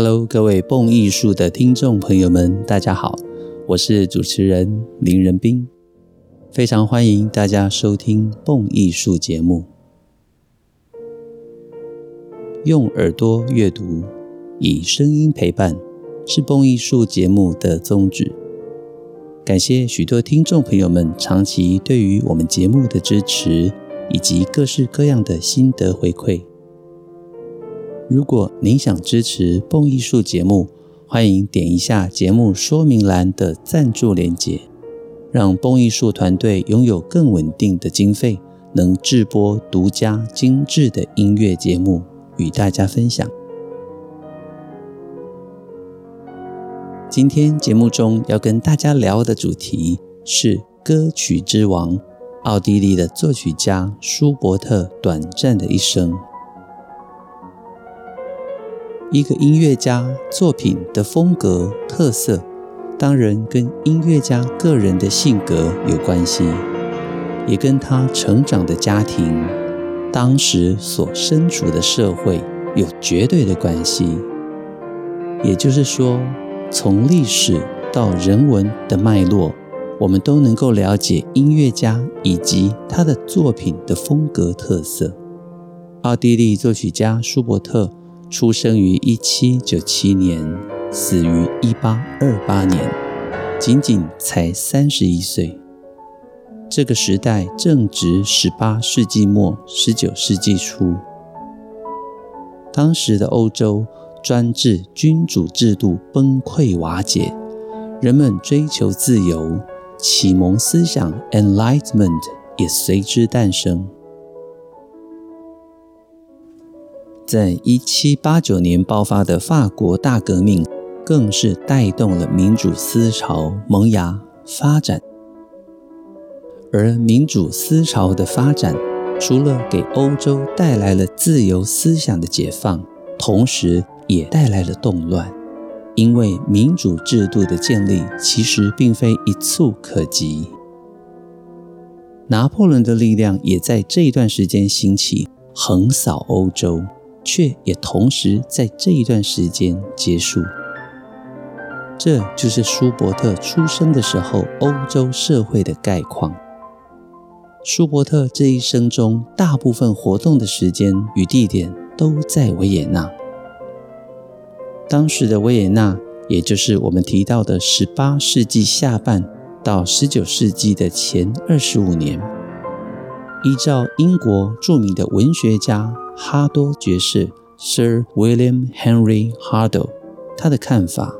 Hello，各位蹦藝術的聽眾朋友們，大家好，我是主持人林仁斌，非常歡迎大家收聽蹦藝術節目。用耳朵閱讀，以聲音陪伴，是蹦藝術節目的宗旨。感謝許多聽眾朋友們長期對於我們節目的支持，以及各式各樣的心得回饋。如果您想支持《蹦藝術》節目，歡迎點一下節目說明欄的贊助鏈接，讓《蹦藝術》團隊擁有更穩定的經費，能制播獨家、精緻的音樂節目，與大家分享。今天節目中要跟大家聊的主題是歌曲之王——奧地利的作曲家舒伯特短暫的一生。一個音樂家作品的風格特色，當然跟音樂家個人的性格有關係，也跟他成長的家庭、當時所身處的社會有絕對的關係。也就是說，從歷史到人文的脈絡，我們都能夠了解音樂家以及他的作品的風格特色。奧地利作曲家舒伯特。出生於一七九七年，死於一八二八年，僅僅才三十一歲。這個時代正值十八世紀末、十九世紀初，當時的歐洲專制君主制度崩潰瓦解，人們追求自由，啟蒙思想 （Enlightenment） 也隨之誕生。在一七八九年爆發的法國大革命，更是帶動了民主思潮萌芽發展。而民主思潮的發展，除了給歐洲帶來了自由思想的解放，同時也帶來了動亂，因為民主制度的建立其實並非一蹴可及。拿破崙的力量也在這一段時間興起，橫掃歐洲。卻也同時在這一段時間結束。這就是舒伯特出生的時候歐洲社會的概況。舒伯特這一生中大部分活動的時間與地點都在維也納。當時的維也納，也就是我們提到的十八世紀下半到十九世紀的前二十五年。依照英國著名的文學家哈多爵士 Sir William Henry Hardo，他的看法，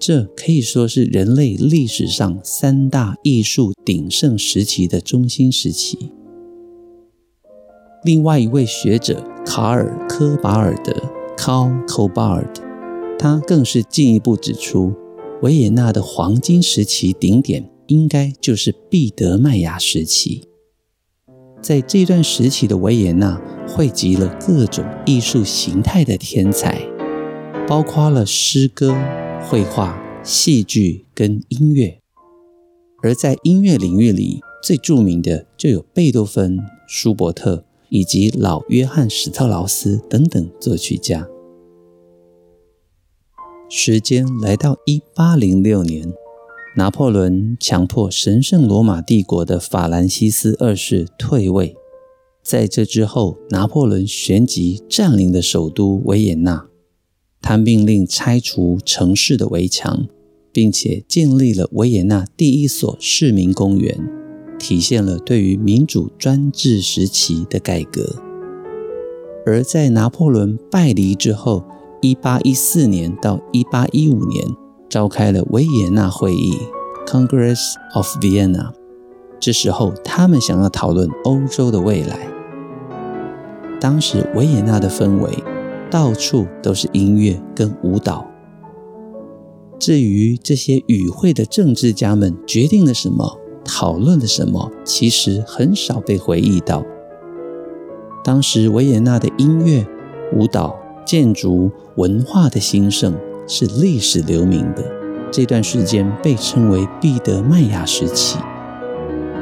這可以說是人類歷史上三大藝術鼎盛時期的中心時期。另外一位學者卡爾科巴爾德 Karl Cobard，他更是進一步指出，維也納的黃金時期頂點應該就是畢德麥亞時期。在這段時期的維也納、啊、匯集了各種藝術形態的天才，包括了詩歌、繪畫、戲劇跟音樂。而在音樂領域裡，最著名的就有貝多芬、舒伯特以及老約翰·史特勞斯等等作曲家。時間來到一八零六年。拿破崙強迫神聖羅馬帝國的法蘭西斯二世退位，在這之後，拿破崙旋即占領了首都維也納。他命令拆除城市的圍牆，並且建立了維也納第一所市民公園，體現了對於民主專制時期的改革。而在拿破崙敗離之後，一八一四年到一八一五年。召開了維也納會議 （Congress of Vienna）。這時候，他們想要討論歐洲的未來。當時，維也納的氛圍到處都是音樂跟舞蹈。至於這些與會的政治家們決定了什麼，討論了什麼，其實很少被回憶到。當時，維也納的音樂、舞蹈、建築、文化的興盛。是歷史留名的，這段時間被稱為畢德麥雅時期。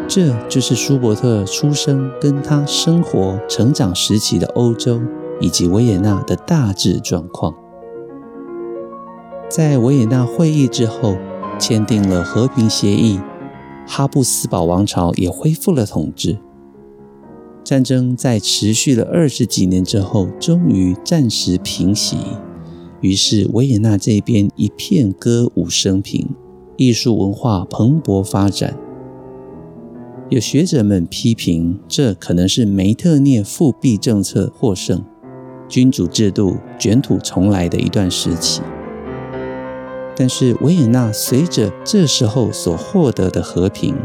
這就是舒伯特出生跟他生活成長時期的歐洲以及維也納的大致狀況。在維也納會議之後，簽訂了和平協議，哈布斯堡王朝也恢復了統治。戰爭在持續了二十幾年之後，終於暫時平息。於是，維也納這邊一片歌舞升平，藝術文化蓬勃發展。有學者們批評，這可能是梅特涅復辟政策獲勝、君主制度卷土重來的一段時期。但是，維也納隨着這時候所獲得的和平，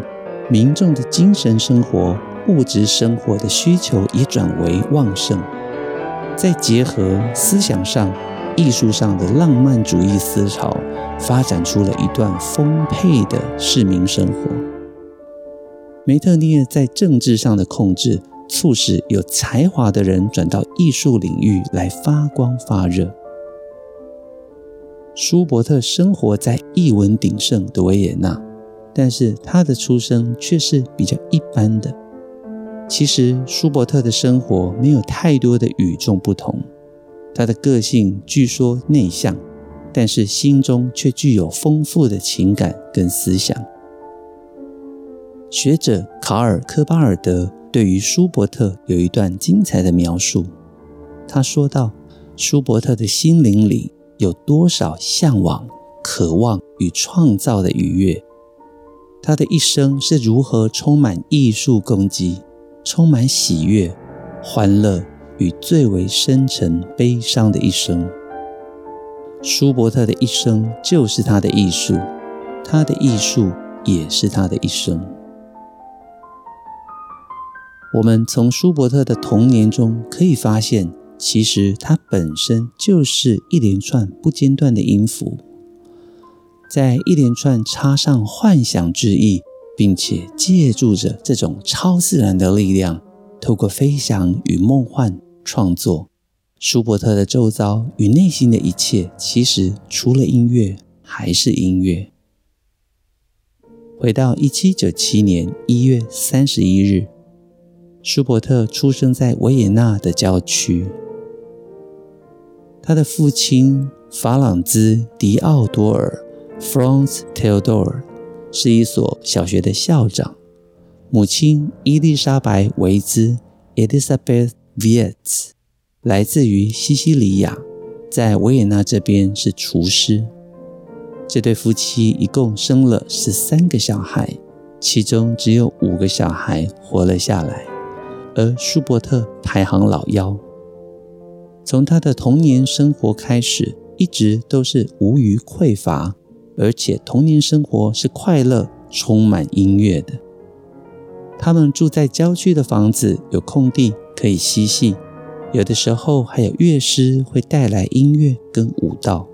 民眾的精神生活、物質生活的需求也轉為旺盛，再結合思想上，藝術上的浪漫主義思潮發展出了一段豐沛的市民生活。梅特涅在政治上的控制，促使有才華的人轉到藝術領域來發光發熱。舒伯特生活在藝文鼎盛的維也納，但是他的出生卻是比較一般的。其實，舒伯特的生活沒有太多的與眾不同。他的個性據說內向，但是心中卻具有豐富的情感跟思想。學者卡爾·科巴爾德對於舒伯特有一段精彩的描述，他說道：“舒伯特的心靈裡有多少向往、渴望與創造的愉悅？他的一生是如何充滿藝術攻擊，充滿喜悅、歡樂？”與最為深沉悲傷的一生，舒伯特的一生就是他的藝術，他的藝術也是他的一生。我們從舒伯特的童年中可以發現，其實他本身就是一連串不間斷的音符，在一連串插上幻想之意，並且借助着這種超自然的力量，透過飛翔與夢幻。創作，舒伯特的周遭與內心的一切，其實除了音樂還是音樂。回到一七九七年一月三十一日，舒伯特出生在維也納的郊區。他的父親法朗茲·迪奧多爾 （Franz Theodor） 是一所小學的校長，母親伊麗莎白·維茲 （Elizabeth）。Vietz 來自於西西里亞，在維也納這邊是廚師。這對夫妻一共生了十三個小孩，其中只有五個小孩活了下來。而舒伯特排行老幺，從他的童年生活開始，一直都是無虞匱乏，而且童年生活是快樂、充滿音樂的。他們住在郊區的房子，有空地可以嬉戲，有的時候還有樂師會帶來音樂跟舞蹈。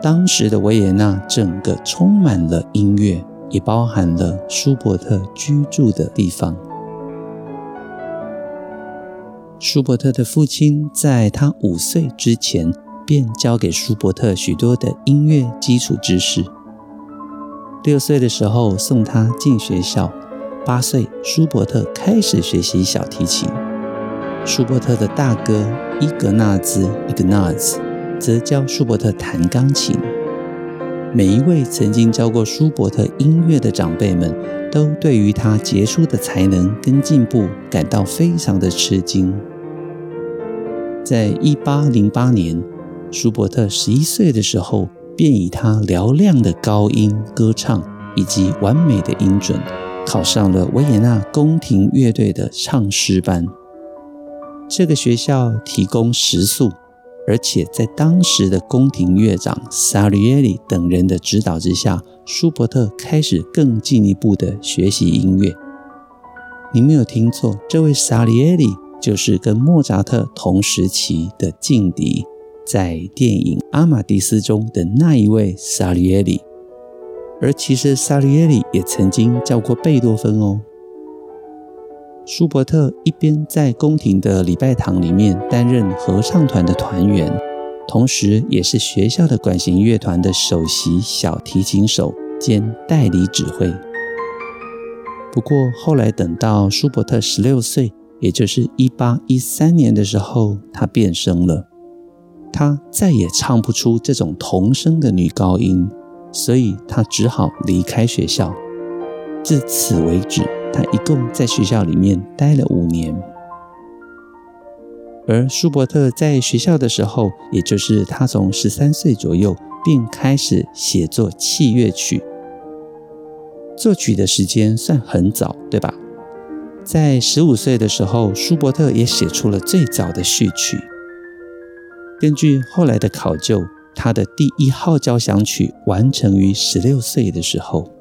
當時的維也納整個充滿了音樂，也包含了舒伯特居住的地方。舒伯特的父親在他五歲之前便教給舒伯特許多的音樂基礎知識。六歲的時候送他進學校，八歲舒伯特開始學習小提琴。舒伯特的大哥伊格納茲伊格納茲則教舒伯特彈鋼琴。每一位曾經教過舒伯特音樂的長輩們都對於他傑出的才能跟進步感到非常的吃驚。在一八零八年，舒伯特十一歲的時候，便以他嘹亮的高音歌唱以及完美的音準，考上了維也納宮廷樂隊的唱詩班。這個學校提供食宿，而且在當時的宮廷樂長薩里耶里等人的指導之下，舒伯特開始更進一步的學習音樂。你沒有聽錯，這位薩里耶里就是跟莫扎特同時期的勁敵。在電影《阿瑪迪斯》中的那一位薩利耶里，而其實薩利耶里也曾經教過貝多芬哦。舒伯特一邊在宮廷的禮拜堂裡面擔任合唱團的團員，同時也是學校的管弦樂團的首席小提琴手兼代理指揮。不過後來等到舒伯特十六歲，也就是一八一三年的時候，他變聲了。他再也唱不出這種童聲的女高音，所以他只好離開學校。至此為止，他一共在學校裡面待了五年。而舒伯特在學校的時候，也就是他從十三歲左右便開始寫作器樂曲，作曲的時間算很早，對吧？在十五歲的時候，舒伯特也寫出了最早的序曲。根據後來的考究，他的第一號交響曲完成於十六歲的時候。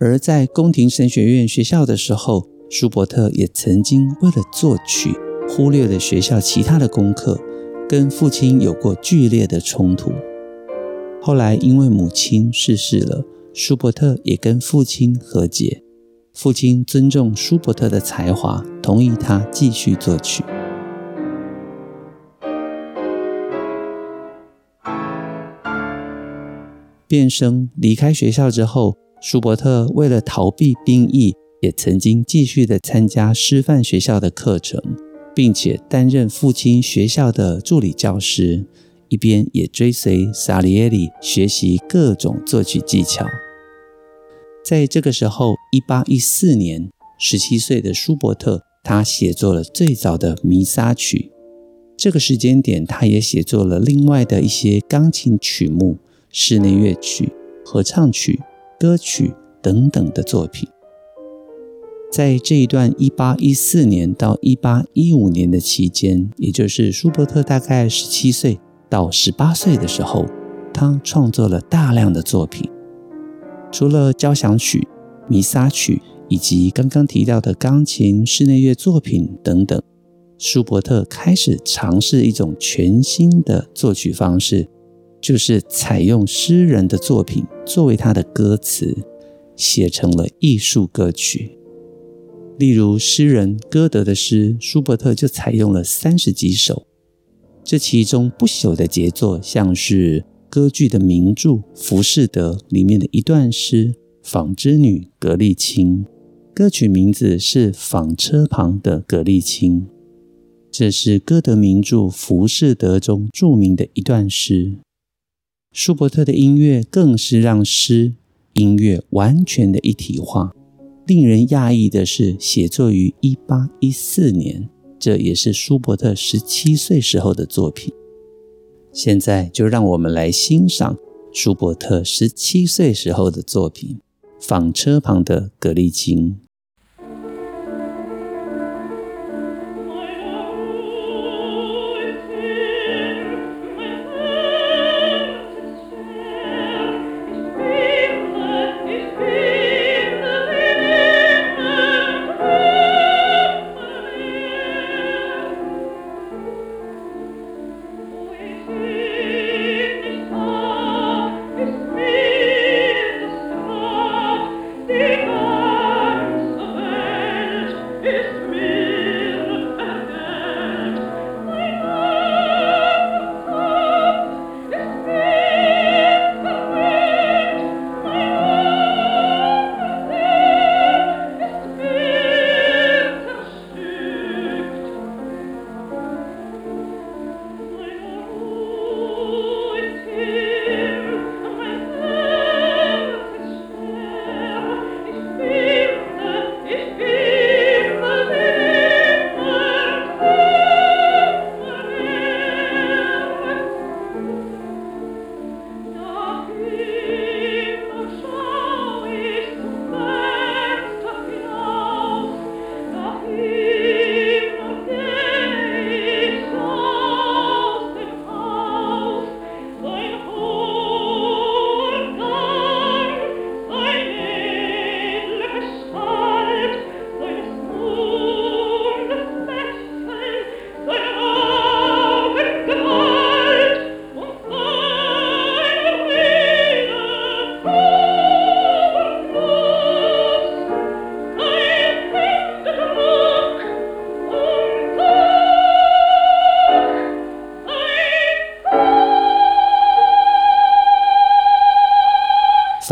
而在宮廷神學院學校的時候，舒伯特也曾經為了作曲忽略了學校其他的功課，跟父親有過劇烈的衝突。後來因為母親逝世了，舒伯特也跟父親和解。父親尊重舒伯特的才華，同意他繼續作曲。變聲，離開學校之後，舒伯特為了逃避兵役，也曾經繼續的參加師範學校的課程，並且擔任父親學校的助理教師，一邊也追隨薩里耶里學習各種作曲技巧。在這個時候，1814年，17歲的舒伯特，他寫作了最早的彌撒曲。這個時間點，他也寫作了另外的一些鋼琴曲目、室內樂曲、合唱曲、歌曲等等的作品。在這一段1814年到1815年的期間，也就是舒伯特大概17歲到18歲的時候，他創作了大量的作品。除了交響曲、彌撒曲以及剛剛提到的鋼琴室內樂作品等等，舒伯特開始嘗試一種全新的作曲方式，就是採用詩人的作品作為他的歌詞，寫成了藝術歌曲。例如詩人歌德的詩，舒伯特就採用了三十幾首，這其中不朽的傑作像是。歌劇的名著《浮士德》裡面的一段詩《紡織女格麗卿》。歌曲名字是《紡車旁的格麗卿》。這是歌德名著《浮士德》中著名的一段詩。舒伯特的音樂更是讓詩音樂完全的一體化。令人訝異的是，寫作於一八一四年，這也是舒伯特十七歲時候的作品。現在就讓我們來欣賞舒伯特十七歲時候的作品《紡車旁的格麗琴》。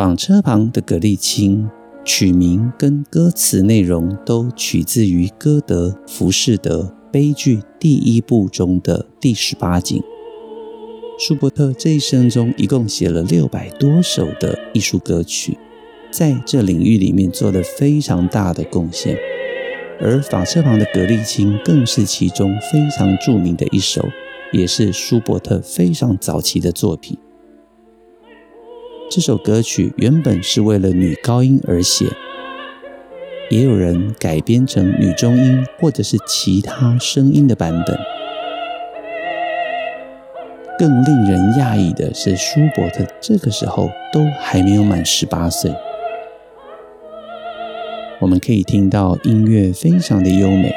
紡車旁的格麗青，曲名跟歌詞內容都取自於歌德《浮士德》悲劇第一部中的第十八景。舒伯特這一生中一共寫了六百多首的藝術歌曲，在這領域裡面做了非常大的貢獻。而《紡車旁的格麗青》更是其中非常著名的一首，也是舒伯特非常早期的作品。這首歌曲原本是為了女高音而寫，也有人改編成女中音或者是其他聲音的版本。更令人訝異的是，舒伯特這個時候都還沒有滿十八歲。我們可以聽到音樂非常的優美，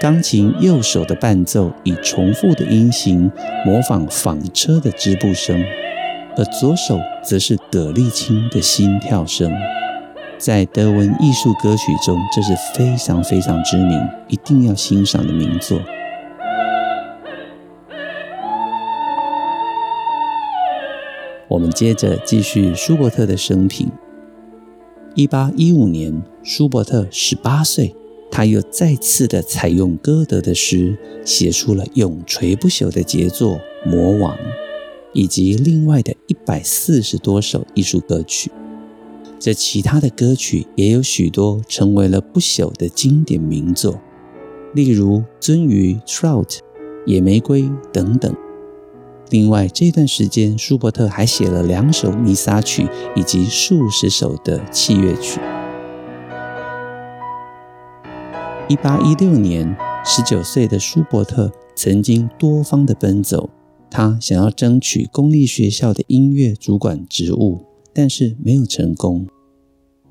鋼琴右手的伴奏以重複的音型模仿紡車的織布聲。而左手則是德利清的心跳聲，在德文藝術歌曲中，這是非常非常知名，一定要欣賞的名作。我們接着繼續舒伯特的生平。一八一五年，舒伯特十八歲，他又再次的採用歌德的詩，寫出了永垂不朽的傑作《魔王》。以及另外的一百四十多首藝術歌曲，這其他的歌曲也有許多成為了不朽的經典名作，例如《鱒魚》、《Trout》、《野玫瑰》等等。另外這段時間，舒伯特還寫了兩首彌撒曲以及數十首的器樂曲。一八一六年，十九歲的舒伯特曾經多方的奔走。他想要爭取公立學校的音樂主管職務，但是沒有成功。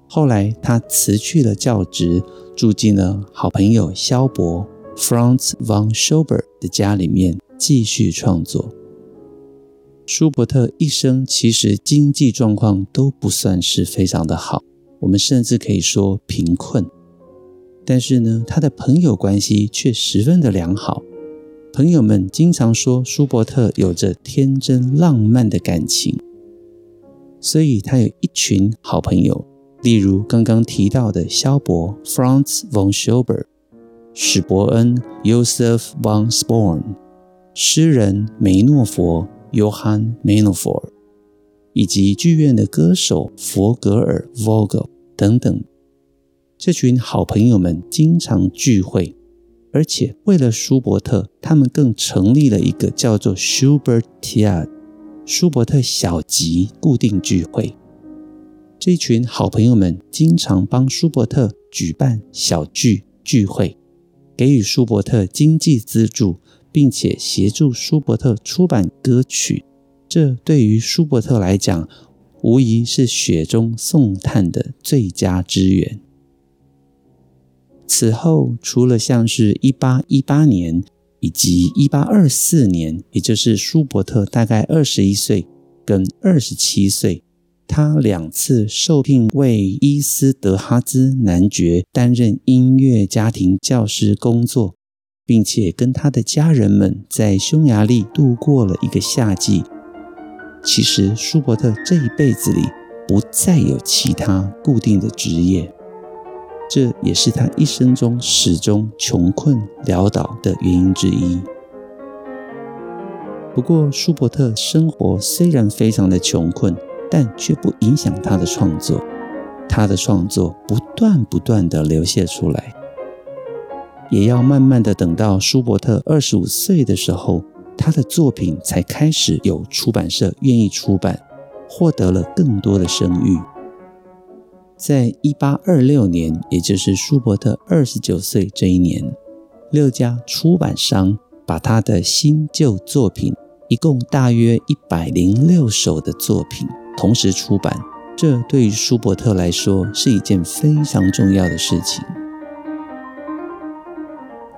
後來他辭去了教職，住進了好朋友肖伯 （Franz von Schober） 的家裡面，繼續創作。舒伯特一生其實經濟狀況都不算是非常的好，我們甚至可以說貧困。但是呢，他的朋友關係卻十分的良好。朋友們經常說，舒伯特有着天真浪漫的感情，所以他有一群好朋友，例如剛剛提到的肖伯 （Franz von Schober）、史伯恩 （Josef von Spor）、n 詩人梅諾佛 （Johann m e n o f o r 以及劇院的歌手佛格爾 （Vogel） 等等。這群好朋友們經常聚會。而且，為了舒伯特，他們更成立了一個叫做“舒伯提亞”（舒伯特小集）固定聚會。這群好朋友們經常幫舒伯特舉辦小聚聚會，給予舒伯特經濟資助，並且協助舒伯特出版歌曲。這對於舒伯特來講，無疑是雪中送炭的最佳資源。此後，除了像是1818年以及1824年，也就是舒伯特大概二十一歲跟二十七歲，他兩次受聘為伊斯德哈茲男爵擔任音樂家庭教師工作，並且跟他的家人們在匈牙利度過了一個夏季。其實，舒伯特這一輩子裡不再有其他固定的職業。這也是他一生中始終窮困潦倒的原因之一。不過，舒伯特生活雖然非常的窮困，但卻不影響他的創作。他的創作不斷不斷的流瀉出來，也要慢慢的等到舒伯特二十五歲的時候，他的作品才開始有出版社願意出版，獲得了更多的聲譽。在一八二六年，也就是舒伯特二十九歲這一年，六家出版商把他的新舊作品，一共大約一百零六首的作品同時出版。這對於舒伯特來說是一件非常重要的事情。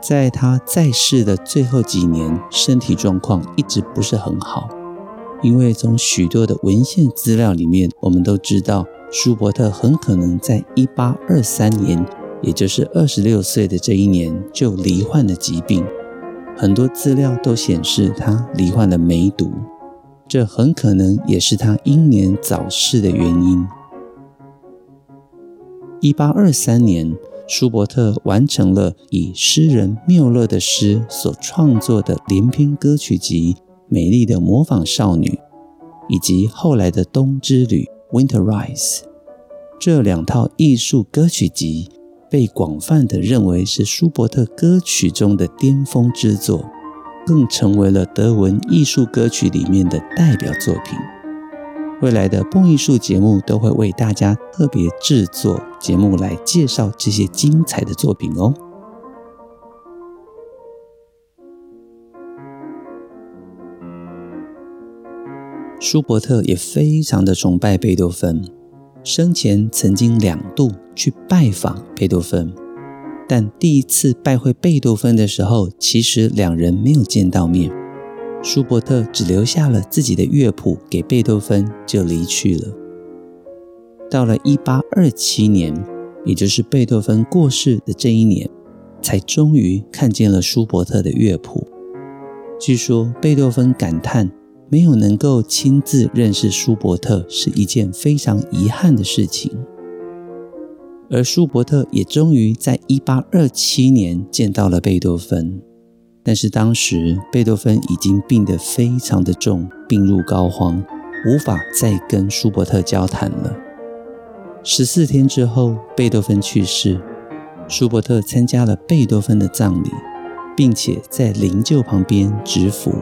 在他在世的最後幾年，身體狀況一直不是很好，因為從許多的文獻資料裡面，我們都知道。舒伯特很可能在1823年，也就是二十六歲的這一年就罹患了疾病。很多資料都顯示他罹患了梅毒，這很可能也是他英年早逝的原因。1823年，舒伯特完成了以詩人繆勒的詩所創作的連篇歌曲集《美麗的磨坊少女》，以及後來的《冬之旅》。Winter Rise 這兩套藝術歌曲集被廣泛的認為是舒伯特歌曲中的巔峰之作，更成為了德文藝術歌曲裡面的代表作品。未來的播藝術節目都會為大家特別製作節目來介紹這些精彩的作品哦。舒伯特也非常的崇拜貝多芬，生前曾經兩度去拜訪貝多芬，但第一次拜會貝多芬的時候，其實兩人沒有見到面。舒伯特只留下了自己的樂譜給貝多芬，就離去了。到了1827年，也就是貝多芬過世的這一年，才終於看見了舒伯特的樂譜。據說貝多芬感嘆。沒有能夠親自認識舒伯特是一件非常遺憾的事情，而舒伯特也終於在1827年見到了貝多芬，但是當時貝多芬已經病得非常的重，病入膏肓，無法再跟舒伯特交談了。十四天之後，貝多芬去世，舒伯特參加了貝多芬的葬禮，並且在靈柩旁邊執紼。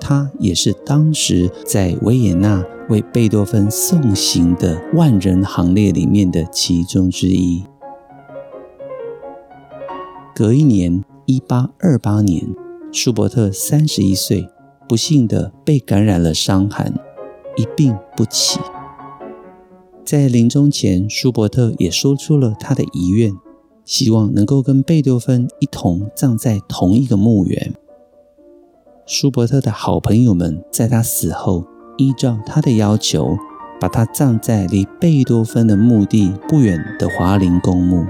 他也是當時在維也納為貝多芬送行的萬人行列裡面的其中之一。隔一年，一八二八年，舒伯特三十一歲，不幸的被感染了傷寒，一病不起。在臨終前，舒伯特也說出了他的遺願，希望能夠跟貝多芬一同葬在同一個墓園。舒伯特的好朋友們在他死後，依照他的要求，把他葬在離貝多芬的墓地不遠的華林公墓。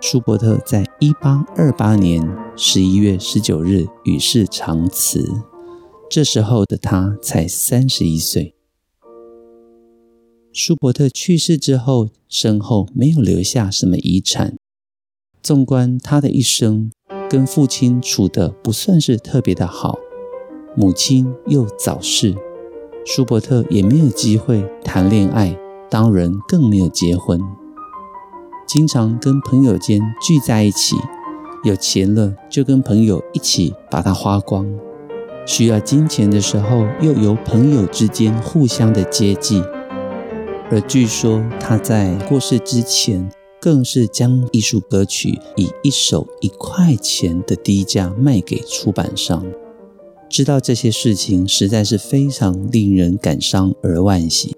舒伯特在一八二八年十一月十九日與世長辭，這時候的他才三十一歲。舒伯特去世之後，身後沒有留下什麼遺產，縱觀他的一生。跟父親處得不算是特別的好，母親又早逝，舒伯特也沒有機會談戀愛，當然更沒有結婚。經常跟朋友間聚在一起，有錢了就跟朋友一起把它花光，需要金錢的時候又由朋友之間互相的接濟，而據說他在過世之前。更是將藝術歌曲以一首一塊錢的低價賣給出版商。知道這些事情實在是非常令人感傷而惋惜。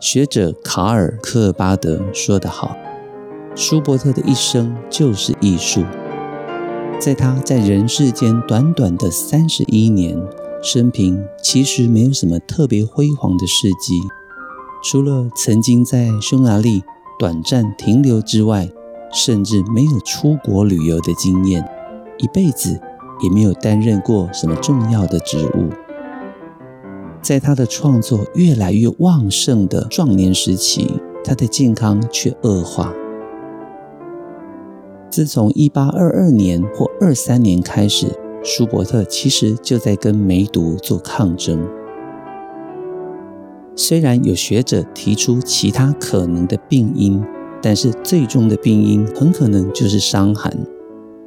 學者卡爾·克爾巴德說得好：“舒伯特的一生就是藝術，在他在人世間短短的三十一年生平，其實沒有什麼特別輝煌的事蹟，除了曾經在匈牙利。”短暫停留之外，甚至沒有出國旅遊的經驗，一輩子也沒有擔任過什麼重要的職務。在他的創作越來越旺盛的壯年時期，他的健康卻惡化。自從一八二二年或二三年開始，舒伯特其實就在跟梅毒做抗爭。雖然有學者提出其他可能的病因，但是最終的病因很可能就是傷寒。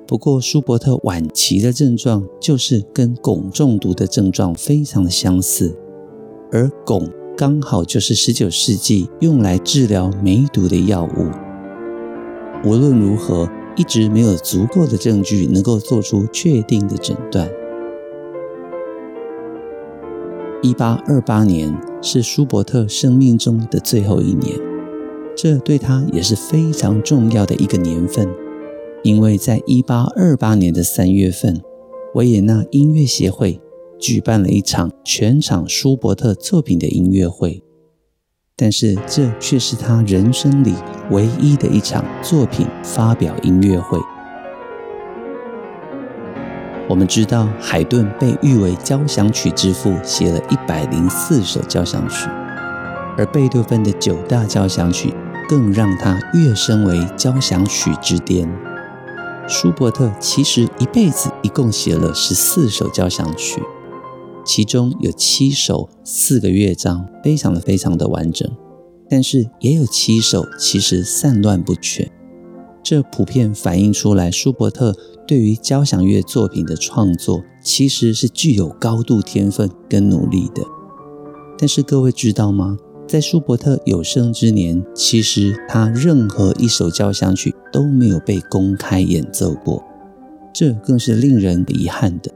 不過，舒伯特晚期的症狀就是跟汞中毒的症狀非常的相似，而汞剛好就是19世紀用來治療梅毒的藥物。無論如何，一直沒有足夠的證據能夠做出確定的診斷。一八二八年是舒伯特生命中的最後一年，這對他也是非常重要的一個年份，因為在一八二八年的三月份，維也納音樂協會舉辦了一場全場舒伯特作品的音樂會，但是這卻是他人生裡唯一的一場作品發表音樂會。我們知道，海頓被譽為交響曲之父，寫了一百零四首交響曲；而貝多芬的九大交響曲更讓他躍升為交響曲之巔。舒伯特其實一輩子一共寫了十四首交響曲，其中有七首四個樂章，非常的非常的完整，但是也有七首其實散亂不全。這普遍反映出來，舒伯特對於交響樂作品的創作，其實是具有高度天分跟努力的。但是各位知道嗎？在舒伯特有生之年，其實他任何一首交響曲都沒有被公開演奏過，這更是令人遺憾的。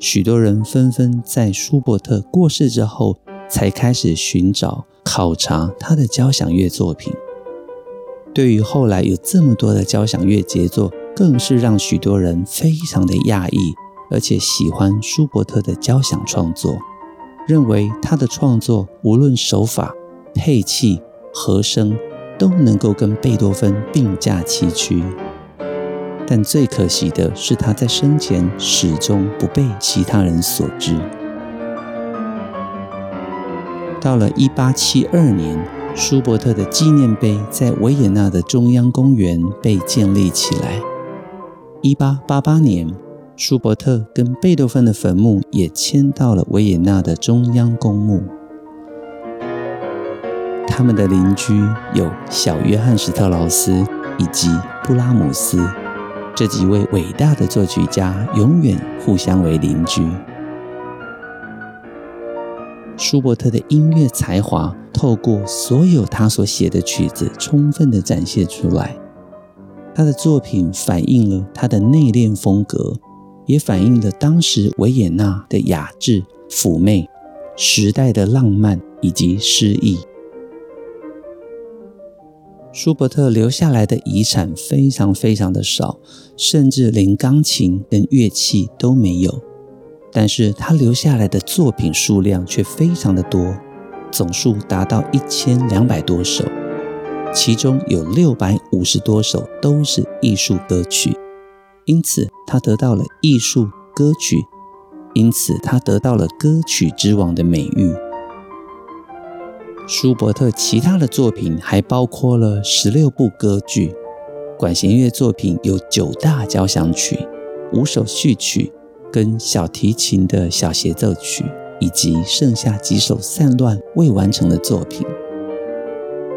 許多人紛紛在舒伯特過世之後，才開始尋找考察他的交響樂作品。對於後來有這麼多的交響樂傑作，更是讓許多人非常的訝異，而且喜歡舒伯特的交響創作，認為他的創作無論手法、配器、和聲，都能夠跟貝多芬並駕齊驅。但最可惜的是，他在生前始終不被其他人所知。到了一八七二年，舒伯特的紀念碑在維也納的中央公園被建立起來。一八八八年，舒伯特跟貝多芬的墳墓也遷到了維也納的中央公墓。他們的鄰居有小約翰·史特勞斯以及布拉姆斯，這幾位偉大的作曲家永遠互相為鄰居。舒伯特的音樂才華透過所有他所寫的曲子充分的展現出來。他的作品反映了他的內斂風格，也反映了當時維也納的雅致、嫵媚、時代的浪漫以及詩意。舒伯特留下來的遺產非常非常的少，甚至連鋼琴跟樂器都沒有。但是他留下來的作品數量卻非常的多，總數達到一千兩百多首，其中有六百五十多首都是藝術歌曲，因此他得到了“藝術歌曲”，因此他得到了“歌曲之王”的美譽。舒伯特其他的作品還包括了十六部歌劇，管弦樂作品有九大交響曲，五首序曲。跟小提琴的小協奏曲，以及剩下幾首散亂未完成的作品，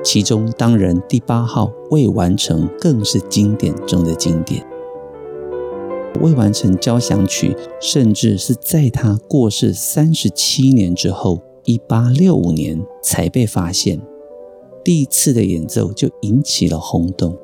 其中當然第八號未完成更是經典中的經典。未完成交響曲，甚至是在他過世三十七年之後，一八六五年才被發現，第一次的演奏就引起了轟動。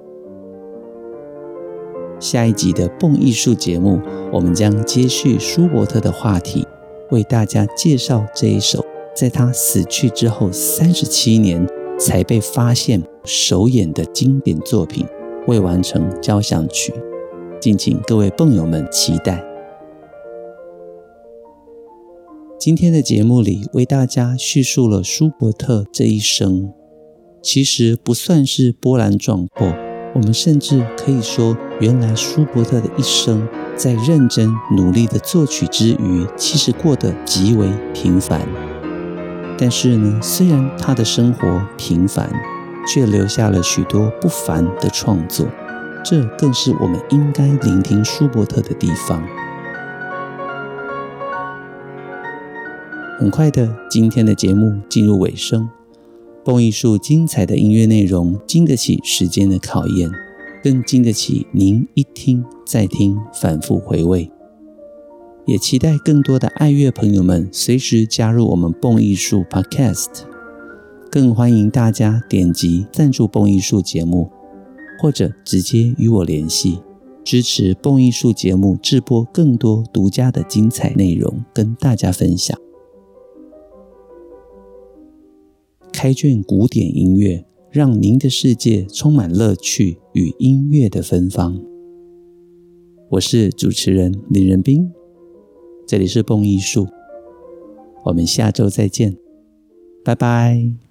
下一集的蹦藝術節目，我們將接續舒伯特的話題，為大家介紹這一首在他死去之後三十七年才被發現首演的經典作品——未完成交響曲。敬請各位蹦友們期待。今天的節目裡，為大家敘述了舒伯特這一生，其實不算是波瀾壯闊。我們甚至可以說，原來舒伯特的一生，在認真努力的作曲之餘，其實過得極為平凡。但是呢，雖然他的生活平凡，却留下了許多不凡的創作。這更是我們應該聆聽舒伯特的地方。很快的，今天的節目進入尾聲。蹦藝術精彩的音樂內容，經得起時間的考驗，更經得起您一聽再聽、反復回味。也期待更多的愛樂朋友們隨時加入我們蹦藝術 Podcast，更歡迎大家點擊贊助蹦藝術節目，或者直接與我聯繫，支持蹦藝術節目製播更多獨家的精彩內容跟大家分享。開卷古典音樂，讓您的世界充滿樂趣與音樂的芬芳。我是主持人林仁斌，這裡是蹦藝術，我們下周再見，拜拜。